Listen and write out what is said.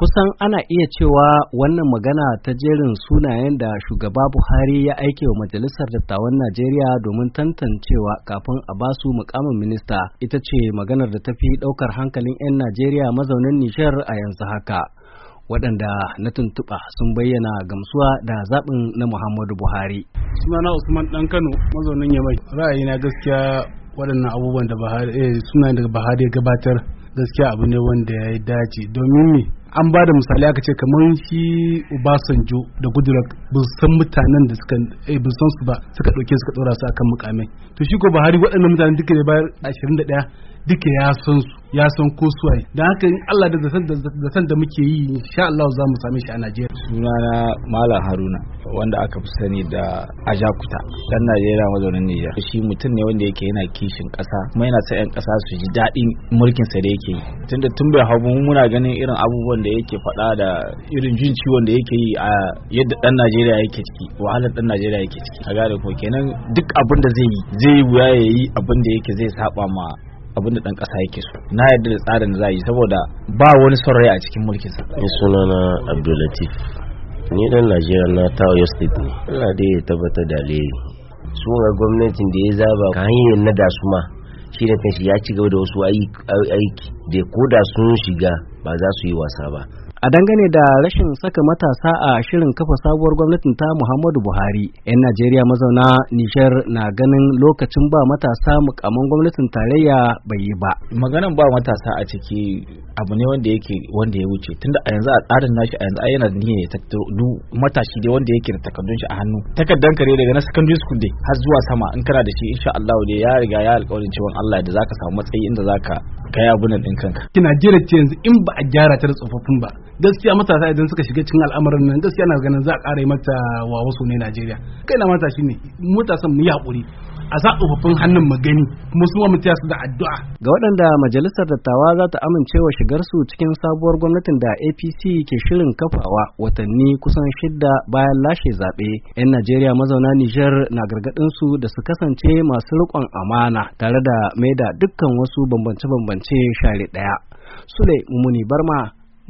kusan ana iya cewa wannan magana ta jerin sunayen da shugaba buhari ya aike wa majalisar dattawan najeriya domin tantancewa kafin a basu mukamin minista ita ce maganar da ta fi ɗaukar hankalin 'yan najeriya mazaunin nishar a yanzu haka waɗanda na tuntuɓa sun bayyana gamsuwa da zaɓin na muhammadu buhari sunana usman ɗan kano mazaunin yamai ra'ayina gaskiya waɗannan abubuwan da suna daga buhari eh, gabatar gaskiya abu ne wanda ya dace domin me an ba da misali aka ce kamar shi Obasanjo da Goodluck bin san mutanen da suka eh, bin san su ba suka dauke suka dora su akan mukamai to shi ko Buhari waɗannan mutanen duka ne bayar 21 duka ya san su ya san ko suwaye don haka in Allah da zaton da muke yi insha Allah za mu same shi a Najeriya na Malam Haruna wanda aka fi sani da Ajakuta dan Najeriya mazaunin Nijar shi mutum ne wanda yake yana kishin ƙasa kuma yana sa 'yan ƙasa su ji daɗin mulkin sa da yake yi tunda tun bai hau muna ganin irin abubuwan da yake faɗa da irin jin ciwon da yake yi a yadda dan Najeriya yake ciki wahalar dan Najeriya yake ciki a da ko kenan duk abin da zai yi zai yi wuya ya yi abin da yake zai saba ma abin da dan kasa yake so na yarda da tsarin da za saboda ba wani son a cikin mulkin sa ni sunana Abdulatif ni dan Najeriya na ta Oyo State ne Allah dai ya tabbatar da leri su gwamnatin da ya zaba ka hanyar na da suma ma shi da kanshi ya ci gaba da wasu aiki da ko da sun shiga ba za su yi wasa ba a dangane da rashin saka matasa a shirin kafa sabuwar gwamnatin ta Muhammadu Buhari. 'Yan Najeriya mazauna Nijar na ganin lokacin ba matasa mukamman gwamnatin tarayya bai yi ba. Maganan ba matasa a ciki abu ne wanda yake wanda ya wuce tunda a yanzu a tsarin nashi a yanzu yana da tattu du matashi dai wanda yake da takardun shi a hannu. Takardan kare daga na secondary school dai har zuwa sama in kana da shi insha Allah dai ya riga ya alƙawarin cewa Allah da zaka samu matsayi inda zaka kai abunan din kanka. Ki Najeriya ce yanzu in ba a gyara ta da tsofaffin ba gaskiya matasa idan suka shiga cikin al'amarin nan gaskiya na ganin za a ƙara mata wa wasu ne Najeriya kai na mata shine matasan mu yaƙuri a sa tsofaffin hannun magani kuma su mu su da addu'a ga waɗanda majalisar dattawa za ta amincewa shigar su cikin sabuwar gwamnatin da APC ke shirin kafawa watanni kusan shidda bayan lashe zaɓe yan Najeriya mazauna Nijar na gargaɗin su da su kasance masu riƙon amana tare da maida dukkan wasu bambance-bambance share ɗaya Sule Mumuni Barma